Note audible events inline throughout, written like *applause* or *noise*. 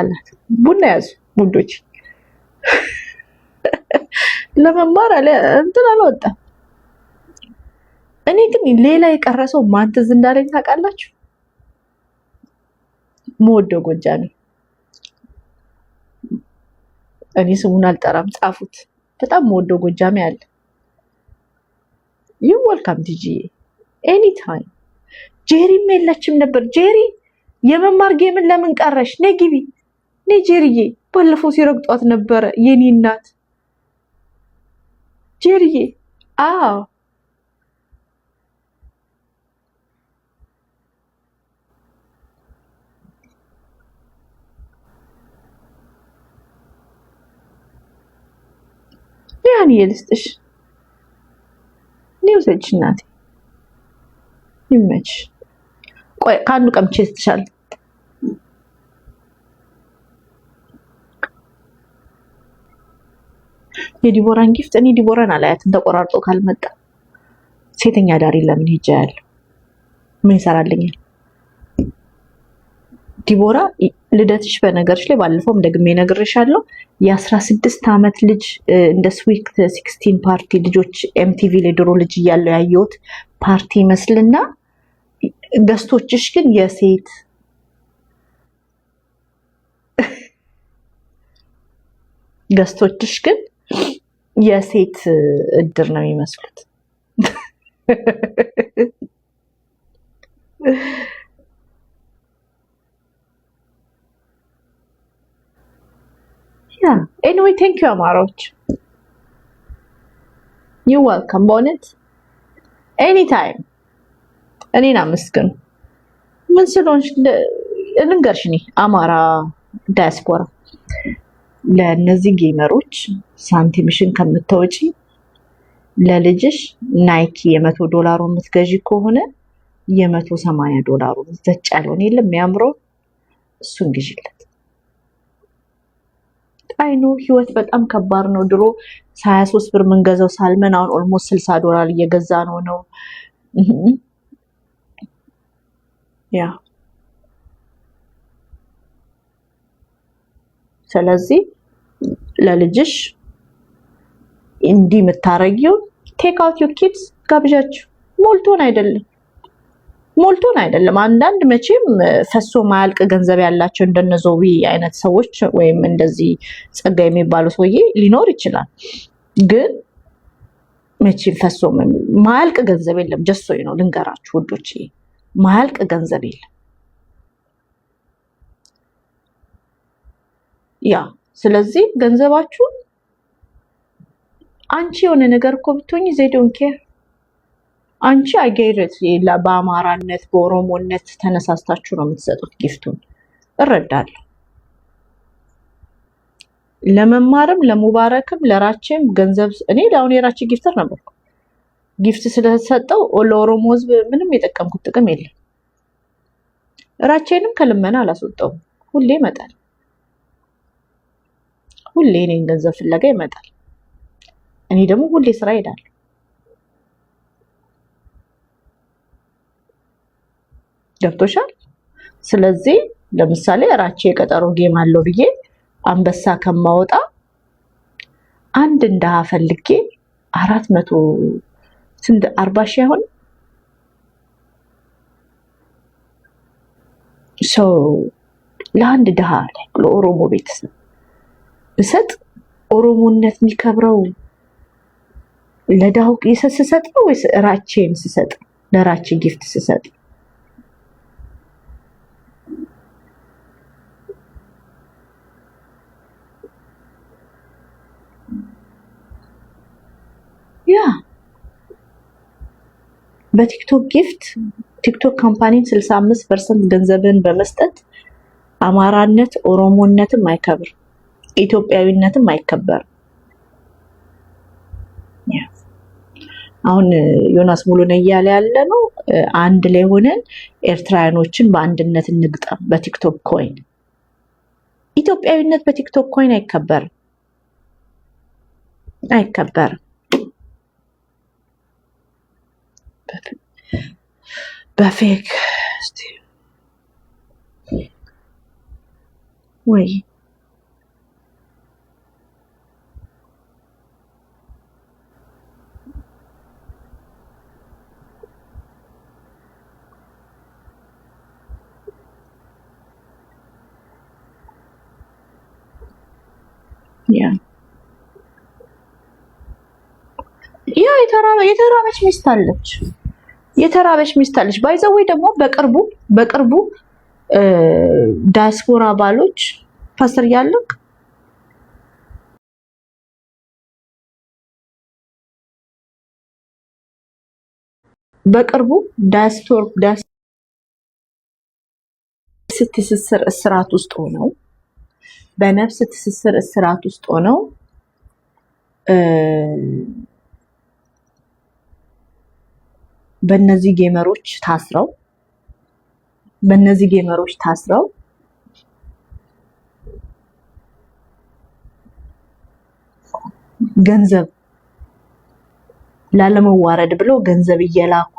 አላት። ቡና ያዙ ወንዶች *laughs* ለመማር አለ እንትን አልወጣም። እኔ ግን ሌላ የቀረ ሰው ማን ትዝ እንዳለኝ ታውቃላችሁ? መወደው እኔ ስሙን አልጠራም፣ ጻፉት። በጣም መወደው ጎጃሜ አለ። ዩ ወልካም ዲጂ ኤኒ ታይም። ጄሪም የለችም ነበር። ጄሪ የመማር ጌምን ለምን ቀረሽ? ነይ ግቢ ጄሪዬ ባለፈው ሲረግጧት ነበረ የኔ እናት ጄሪዬ። አዎ ያን የልስጥሽ ሊውሰጅ እናቴ ይመች። ቆይ ከአንዱ ቀምቼ ስትሻል የዲቦራን ጊፍት እኔ ዲቦራን አላያትም። ተቆራርጦ ካልመጣ ሴተኛ ዳሪ ለምን ሄጃ ያለው ምን ይሰራልኛል? ዲቦራ ልደትሽ በነገርሽ ላይ ባለፈውም ደግሜ ነግሬሻለሁ። የአስራ ስድስት ዓመት ልጅ እንደ ስዊክት ሲክስቲን ፓርቲ ልጆች ኤምቲቪ ላይ ድሮ ልጅ እያለው ያየሁት ፓርቲ ይመስልና ገስቶችሽ ግን የሴት ገስቶችሽ ግን የሴት እድር ነው የሚመስሉት። ኤኒዌይ ቴንክ ዩ አማራዎች፣ ዩ ወልካም። በእውነት ኤኒታይም እኔን አመስግኑ። ምን ስለሆንሽ ልንገርሽ፣ እኔ አማራ ዳያስፖራ ለእነዚህ ጌመሮች ሳንቲምሽን ከምታወጪ ለልጅሽ ናይኪ የመቶ ዶላሩ የምትገዢ ከሆነ የመቶ ሰማንያ ዶላሩ ዘጭ ያለውን የለም የሚያምረው እሱን ግዢለት። አይኖ ህይወት በጣም ከባድ ነው። ድሮ ሀያ ሶስት ብር የምንገዛው ሳልመን አሁን ኦልሞስት ስልሳ ዶላር እየገዛ ነው ነው ያ ስለዚህ ለልጅሽ እንዲህ የምታረጊው ቴክ አውት ዩ ኪድስ ጋብዣችሁ ሞልቶን አይደለም ሞልቶን አይደለም። አንዳንድ መቼም ፈሶ ማያልቅ ገንዘብ ያላቸው እንደነ ዞዊ አይነት ሰዎች ወይም እንደዚህ ጸጋ የሚባሉ ሰውዬ ሊኖር ይችላል። ግን መቼም ፈሶ ማያልቅ ገንዘብ የለም። ጀሶ ነው ልንገራችሁ ውዶች፣ ማያልቅ ገንዘብ የለም ያ ስለዚህ ገንዘባችሁ አንቺ የሆነ ነገር እኮ ብትሆኝ ዜዶን ኬር አንቺ አገይረት በአማራነት በኦሮሞነት ተነሳስታችሁ ነው የምትሰጡት ጊፍቱን እረዳለሁ። ለመማርም ለሙባረክም ለራችም ገንዘብ እኔ ለአሁን የራች ጊፍተር ነበርኩ። ጊፍት ስለተሰጠው ለኦሮሞ ህዝብ ምንም የጠቀምኩት ጥቅም የለም። ራቼንም ከልመና አላስወጣውም። ሁሌ መጣል ሁሌ እኔን ገንዘብ ፍለጋ ይመጣል። እኔ ደግሞ ሁሌ ስራ ሄዳለሁ። ገብቶሻል? ስለዚህ ለምሳሌ ራቼ የቀጠሮ ጌም አለው ብዬ አንበሳ ከማወጣ አንድ እንደሃ ፈልጌ አራት መቶ ስንት አርባ ሺህ አይሆን ሰው ለአንድ ድሃ ለኦሮሞ ቤተሰብ እሰጥ ኦሮሞነት የሚከብረው ለዳሁ ቄሰ ስሰጥ ነው ወይስ ራቼን ስሰጥ ለራቼ ጊፍት ስሰጥ? ያ በቲክቶክ ጊፍት ቲክቶክ ካምፓኒን 65 ፐርሰንት ገንዘብን በመስጠት አማራነት ኦሮሞነትም አይከብር ኢትዮጵያዊነትም አይከበርም። አሁን ዮናስ ሙሉን እያለ ያለ ነው። አንድ ላይ ሆነን ኤርትራውያኖችን በአንድነት እንግጠም በቲክቶክ ኮይን። ኢትዮጵያዊነት በቲክቶክ ኮይን አይከበርም አይከበርም። በፌክ ወይ የተራበች ሚስት አለች። የተራበች ሚስት አለች። ባይዘዌ ደግሞ በቅርቡ በቅርቡ ዳያስፖራ ባሎች ፓስተር ያለቅ በቅርቡ ዳያስፖር ትስስር እስራት ውስጥ ሆነው በነፍስ ትስስር እስራት ውስጥ ሆነው በእነዚህ ጌመሮች ታስረው በእነዚህ ጌመሮች ታስረው ገንዘብ ላለመዋረድ ብሎ ገንዘብ እየላኩ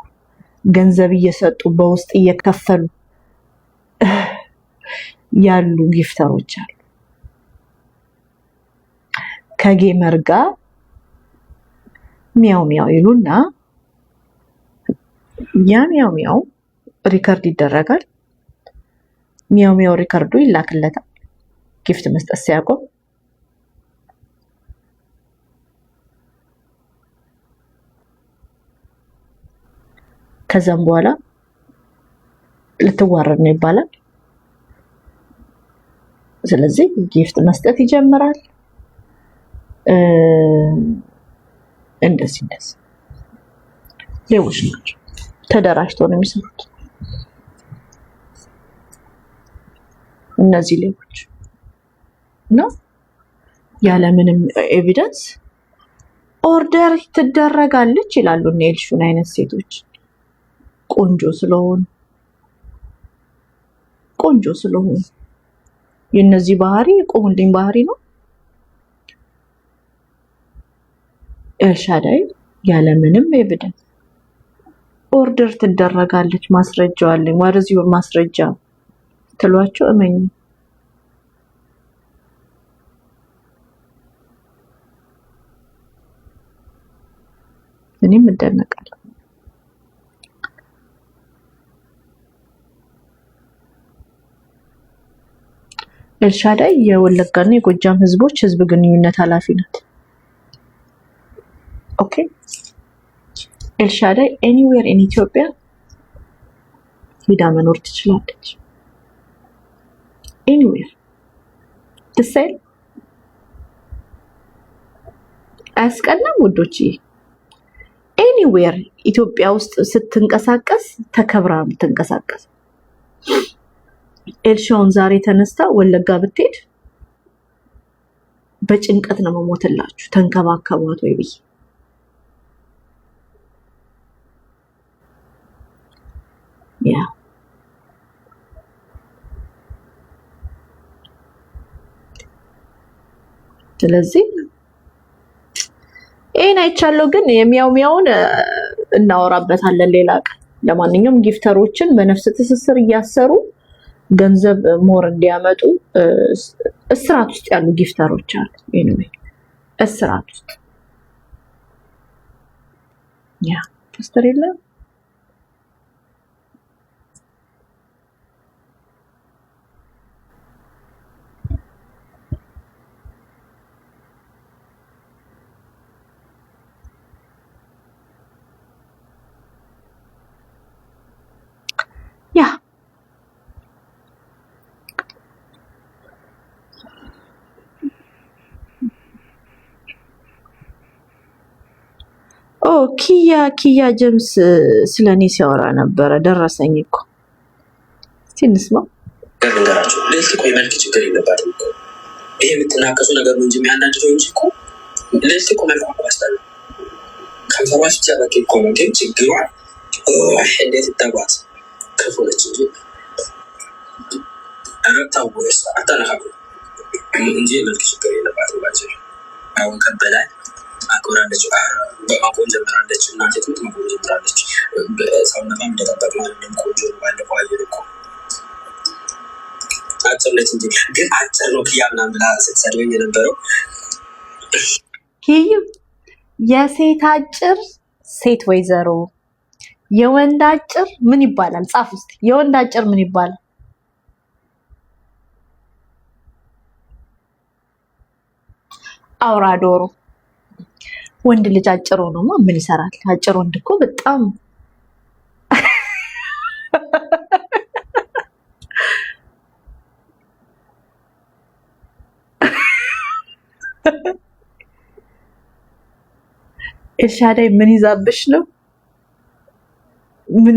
ገንዘብ እየሰጡ በውስጥ እየከፈሉ ያሉ ጊፍተሮች አሉ። ከጌመር ጋር ሚያው ሚያው ይሉና ያ ሚያው ሚያው ሪከርድ ይደረጋል። ሚያው ሚያው ሪከርዱ ይላክለታል። ጊፍት መስጠት ሲያቆም ከዛም በኋላ ልትዋረድ ነው ይባላል። ስለዚህ ጊፍት መስጠት ይጀምራል። እንደዚህ እንደዚህ ሌቦች ናቸው። ተደራጅተው ነው የሚሰሩት እነዚህ ሌቦች እና ያለምንም ኤቪደንስ ኦርደር ትደረጋለች ይላሉ። እነ ኤልሹን አይነት ሴቶች ቆንጆ ስለሆኑ ቆንጆ ስለሆኑ የእነዚህ ባህሪ ቆሙልኝ ባህሪ ነው። ኤልሻዳይ ያለምንም ኤቪደንስ ኦርደር ትደረጋለች። ማስረጃው አለኝ ዋረዚ ማስረጃ ትሏቸው እመኝ እኔም እደነቃለሁ። ኤልሻዳይ የወለጋና የጎጃም ህዝቦች ህዝብ ግንኙነት ኃላፊ ናት። ኦኬ ኤልሻዳይ ኤኒዌር ኢን ኢትዮጵያ ሂዳ መኖር ትችላለች። ኤኒዌር ትሰል አያስቀናም ውዶች። ኤኒዌር ኢትዮጵያ ውስጥ ስትንቀሳቀስ ተከብራ የምትንቀሳቀስ ኤልሻውን ዛሬ ተነስታ ወለጋ ብትሄድ በጭንቀት ነው መሞትላችሁ ተንከባከቧት ወይ ብዬ Yeah. ስለዚህ ይሄን አይቻለሁ። ግን የሚያው ሚያውን እናወራበታለን ሌላ ቀን። ለማንኛውም ጊፍተሮችን በነፍስ ትስስር እያሰሩ ገንዘብ ሞር እንዲያመጡ እስራት ውስጥ ያሉ ጊፍተሮች አሉ። ኤኒዌይ እስራት ውስጥ ያ ፓስተር የለም። ኪያ ኪያ ጀምስ ስለኔ ሲያወራ ነበረ። ደረሰኝ እኮ ሲንስማ ገርንገራቸው ልዕልት እኮ የመልክ ችግር የለባትም እኮ ይሄ የምትናቀሱ ነገር ነው እንጂ የሚያናድደው እንጂ እኮ ልዕልት እኮ መልክ ማስታለ ከንፈሯ ብቻ በቂ እኮ ነው። ግን ችግሯ እንዴት ይታጓት ክፉ ነች እንጂ ረብታ አታነካሉ እንጂ የመልክ ችግር የለባትም ባቸው አሁን ከበላይ አክብራለች፣ በማቆም ጀምራለች እናቴ ማቆም ዘምራለች። እንደጠበቅ ቆንጆ አየር እኮ እንጂ ግን አጭር ነው ክያ ምናምን ብላ ስትሰድበኝ የነበረው የሴት አጭር ሴት ወይዘሮ የወንድ አጭር ምን ይባላል? ጻፍ ውስጥ የወንድ አጭር ምን ይባላል? አውራ ዶሮ ወንድ ልጅ አጭሮ ነውማ ምን ይሰራል? አጭር ወንድ እኮ በጣም ኤልሻዳይ ምን ይዛብሽ ነው? ምን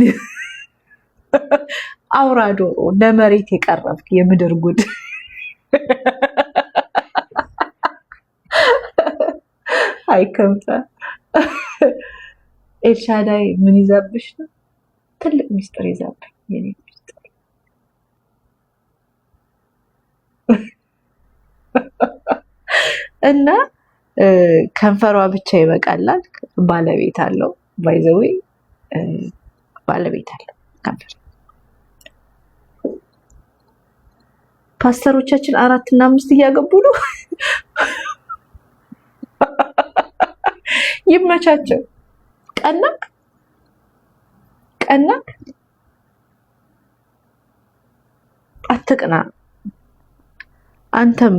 አውራ ዶሮ ለመሬት የቀረብክ የምድር ጉድ አይከምፈ ኤልሻዳይ ምን ይዛብሽ ነው? ትልቅ ሚስጥር ይዛብኝ የኔ ሚስጥር እና ከንፈሯ ብቻ ይበቃላል። ባለቤት አለው። ባይዘዌ ባለቤት አለው ከንፈር ፓስተሮቻችን አራት እና አምስት እያገቡ ነው። ይመቻቸው። ቀናክ ቀናክ አትቅና። አንተም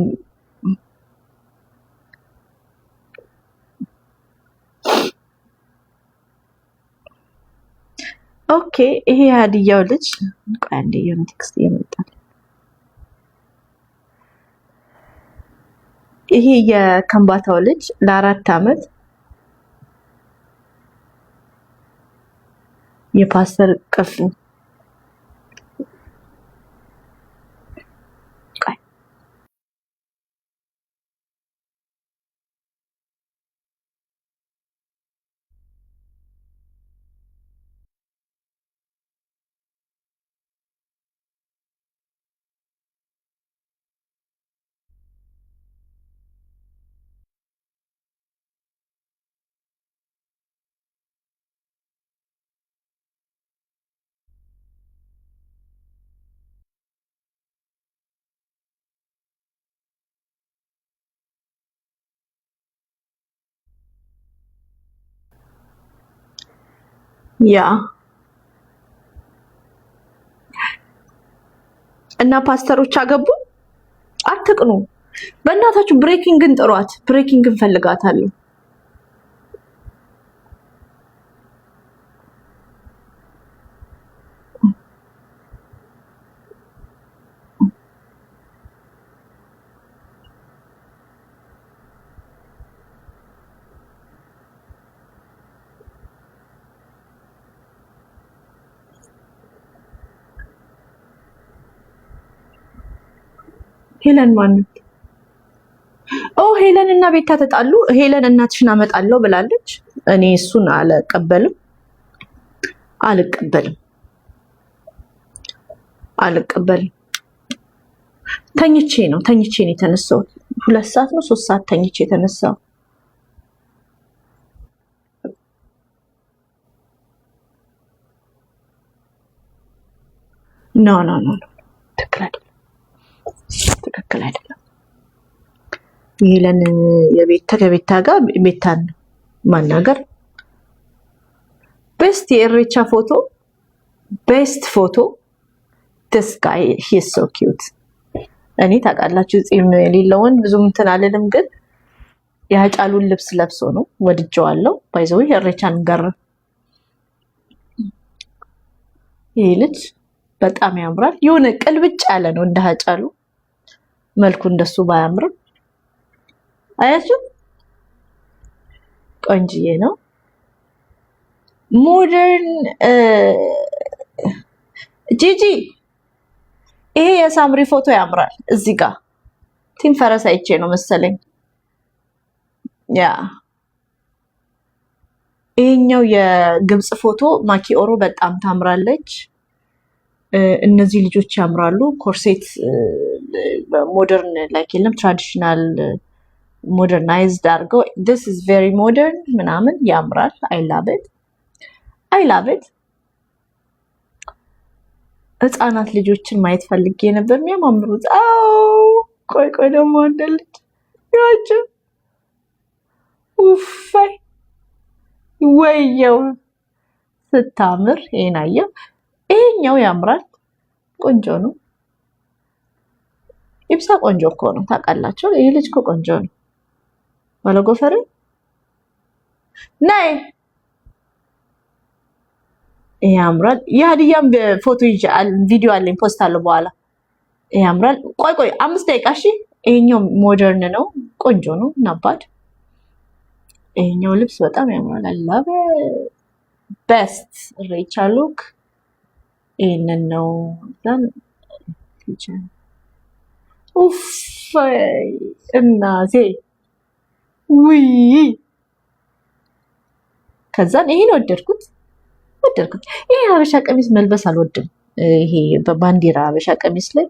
ኦኬ። ይሄ ሀዲያው ልጅ ቆይ አንዴ የሆነ ቴክስት እየመጣል ይሄ የከምባታው ልጅ ለአራት አመት የፓስተር ቅፍ ያ እና ፓስተሮች አገቡ። አትቅኑ። በእናታችሁ ብሬኪንግን ጥሯት። ብሬኪንግን ፈልጋታለሁ። ሄለን ማነት? ኦ ሄለን እና ቤታ ተጣሉ። ሄለን እናትሽን አመጣለሁ ብላለች። እኔ እሱን አልቀበልም አልቀበልም አልቀበልም። ተኝቼ ነው ተኝቼ ነው የተነሳሁት። ሁለት ሰዓት ነው ሶስት ሰዓት ተኝቼ የተነሳው ኖ ኖ ኖ ትክክል አይደለም። ይህለን የቤታ ከቤታ ጋር ቤታን ማናገር ቤስት የእሬቻ ፎቶ ቤስት ፎቶ ዲስ ጋይ ሶ ኪዩት። እኔ ታውቃላችሁ ጺም የሌለውን ብዙም እንትን አልልም፣ ግን የሀጫሉን ልብስ ለብሶ ነው ወድጀዋለሁ። ባይዘው የእሬቻን ገር ይህ ልጅ በጣም ያምራል። የሆነ ቅልብጭ ያለ ነው እንደ ሀጫሉ መልኩ እንደሱ ባያምርም አያችሁ፣ ቆንጅዬ ነው። ሞደርን ጂጂ፣ ይሄ የሳምሪ ፎቶ ያምራል። እዚህ ጋር ቲም ፈረስ አይቼ ነው መሰለኝ። ያ ይሄኛው የግብጽ ፎቶ ማኪ ኦሮ በጣም ታምራለች። እነዚህ ልጆች ያምራሉ። ኮርሴት ሞደርን ላይክ የለም ትራዲሽናል ሞደርናይዝድ አድርገው ዲስ ኢዝ ቬሪ ሞደርን ምናምን ያምራል። አይ ላብድ አይ ህፃናት ልጆችን ማየት ፈልጌ ነበር የሚያማምሩት። ው ቆይ ቆይ ደግሞ አንድ ልጅ ያቸው ውፋይ ወየው ስታምር ይሄን አየው። ይሄኛው ያምራል፣ ቆንጆ ነው። ኢብሳ ቆንጆ እኮ ነው ታውቃላቸው ይሄ ልጅ እኮ ቆንጆ ነው። ባለጎፈሬ ነይ፣ ያምራል። የሀዲያም ፎቶ ቪዲዮ አለኝ፣ ፖስት አለው በኋላ። ያምራል። ቆይ ቆይ፣ አምስት ደቂቃ እሺ። ይሄኛው ሞደርን ነው፣ ቆንጆ ነው። ናባድ ይሄኛው ልብስ በጣም ያምራል። አላ በስት ሬቻ ሉክ ይህንን ነው ብለን ኡፍ እናቴ ውይ ከዛን ይሄን ወደድኩት ወደድኩት። ይሄ ሀበሻ ቀሚስ መልበስ አልወድም። ይሄ ባንዲራ ሀበሻ ቀሚስ ላይ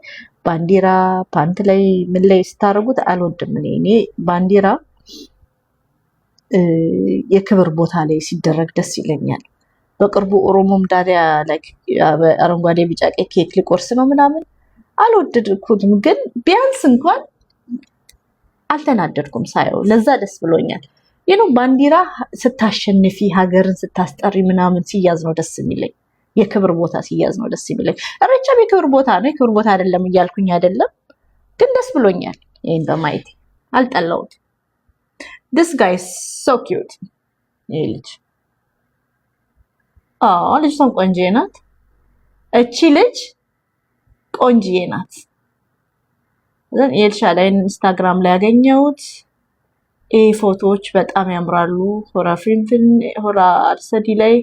ባንዲራ ፓንት ላይ ምን ላይ ስታደርጉት አልወድም። እኔ እኔ ባንዲራ የክብር ቦታ ላይ ሲደረግ ደስ ይለኛል። በቅርቡ ኦሮሞም ላይ አረንጓዴ ቢጫ ቀይ ኬክ ሊቆርስ ነው ምናምን አልወደድኩትም፣ ግን ቢያንስ እንኳን አልተናደድኩም ሳየው፣ ለዛ ደስ ብሎኛል። ይህ ባንዲራ ስታሸንፊ ሀገርን ስታስጠሪ ምናምን ሲያዝ ነው ደስ የሚለኝ። የክብር ቦታ ሲያዝ ነው ደስ የሚለኝ። እሬቻም የክብር ቦታ ነው፣ የክብር ቦታ አይደለም እያልኩኝ አይደለም፣ ግን ደስ ብሎኛል። ይህን በማየት አልጠላውት። ዲስ ጋይ ሶ ኪዩት ይህ ልጅ አዎ ልጅቷም ቆንጅዬ ናት። እቺ ልጅ ቆንጅዬ ናት። ኤልሻ ላይ ኢንስታግራም ላይ ያገኘሁት ይህ ፎቶዎች በጣም ያምራሉ። ሆራ ፊንፊን ሆራ አርሰዲ ላይ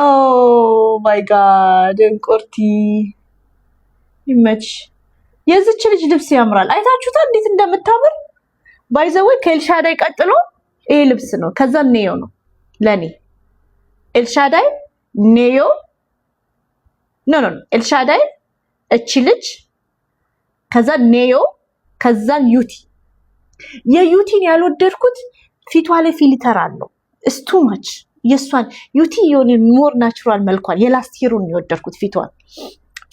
ኦ ማይ ጋድ እንቁርቲ ይመች። የዚች ልጅ ልብስ ያምራል። አይታችሁታ እንዴት እንደምታምር ባይዘወይ ከኤልሻዳይ ቀጥሎ ይሄ ልብስ ነው። ከዛ እንየው ነው ለኔ ኤልሻዳይ ኔዮ ኖ ኖ ኤልሻዳይ እቺ ልጅ ከዛ ኔዮ ከዛን ዩቲ የዩቲን ያልወደድኩት ፊቷ ላይ ፊልተር አለው እስቱ የእሷን ዩቲ የሆነ ሞር ናቹራል መልኳን የላስቲሩን የወደድኩት ፊቷን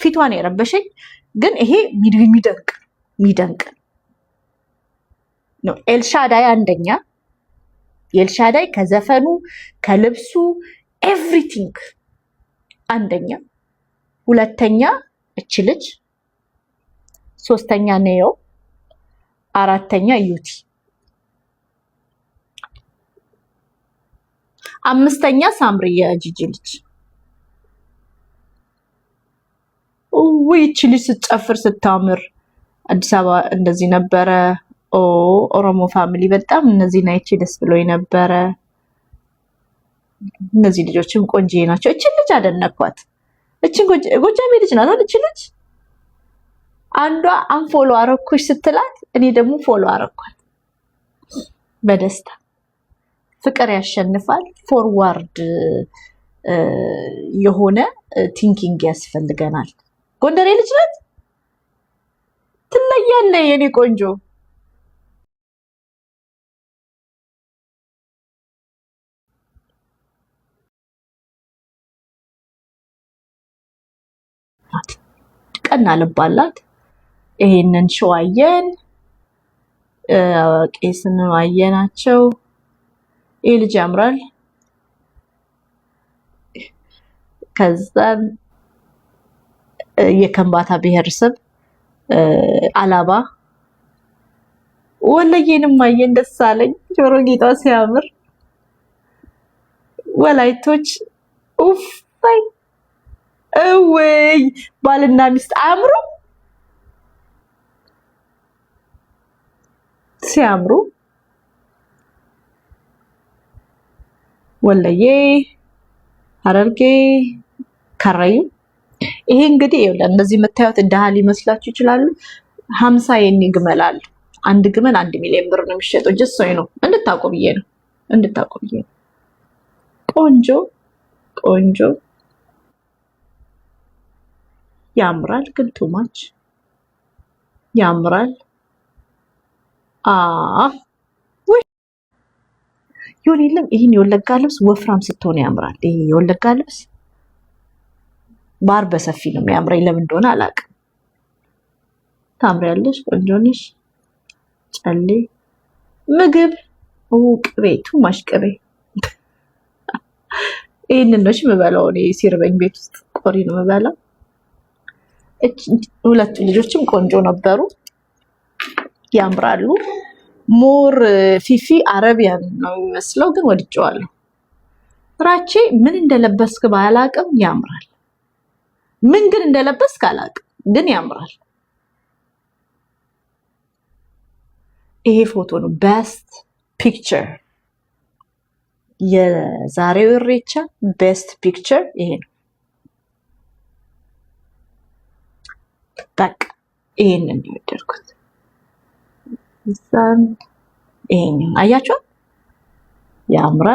ፊቷን የረበሸኝ ግን ይሄ ሚደንቅ ሚደንቅ ነው ኤልሻዳይ አንደኛ የኤልሻዳይ ከዘፈኑ ከልብሱ ኤቭሪቲንግ አንደኛ፣ ሁለተኛ እች ልጅ፣ ሶስተኛ ኔዮ፣ አራተኛ ዩቲ፣ አምስተኛ ሳምሪ የጂጂ ልጅ። ውይ እች ልጅ ስትጨፍር ስታምር። አዲስ አበባ እንደዚህ ነበረ። ኦ ኦሮሞ ፋሚሊ በጣም እነዚህ ናይቼ ደስ ብሎ ነበረ። እነዚህ ልጆችም ቆንጆ ናቸው። እችን ልጅ አደነኳት። እችን ጎጃሜ ልጅ ናት። እችን ልጅ አንዷ አንፎሎ አረኩሽ ስትላት እኔ ደግሞ ፎሎ አረኳት በደስታ ፍቅር ያሸንፋል። ፎርዋርድ የሆነ ቲንኪንግ ያስፈልገናል። ጎንደሬ ልጅ ናት። ትለያለ የኔ ቆንጆ ቀና ልብ አላት። ይሄንን ሸዋየን ቄስን አየናቸው። ይህ ልጅ ያምራል። ከዛን የከንባታ ብሔረሰብ አላባ ወለየንም አየን። ደስ አለኝ ጆሮ ጌጧ ሲያምር ወላይቶች ኡፍ እውይ ባልና ሚስት አያምሩ ሲያምሩ ወለዬ ሐረርጌ ከረዩ ይሄ እንግዲህ ይኸውልህ እንደዚህ የምታዩት ድሃ ሊመስላችሁ ይችላሉ። ሀምሳ የኔ ግመል አለ። አንድ ግመል አንድ ሚሊዮን ብር ነው የሚሸጠው። ጀሶ ነው እንድታውቁ ነው እንድታውቁ ነው። ቆንጆ ቆንጆ ያምራል ግን ቱማች ያምራል። አ ይሁን የለም። ይህን የወለጋ ልብስ ወፍራም ስትሆን ያምራል። ይህ የወለጋ ልብስ ባር በሰፊ ነው የሚያምረኝ። ለምን እንደሆነ አላውቅም። ታምሪያለሽ፣ ቆንጆ ነሽ። ጨሌ ምግብ ቅቤ ቱማሽ ቅቤ ይህንን ነው የምበላው እኔ ሲርበኝ ቤት ውስጥ ቆሪ ነው የምበላው። ሁለቱ ልጆችም ቆንጆ ነበሩ፣ ያምራሉ። ሞር ፊፊ አረቢያን ነው የሚመስለው፣ ግን ወድጀዋለሁ። ራቼ ምን እንደለበስክ ባላቅም ያምራል። ምን ግን እንደለበስክ አላቅም፣ ግን ያምራል። ይሄ ፎቶ ነው ቤስት ፒክቸር። የዛሬው እሬቻ ቤስት ፒክቸር ይሄ ነው። በቃ ይሄንን ነው የወደድኩት። እዛም አያችሁ ያምራል።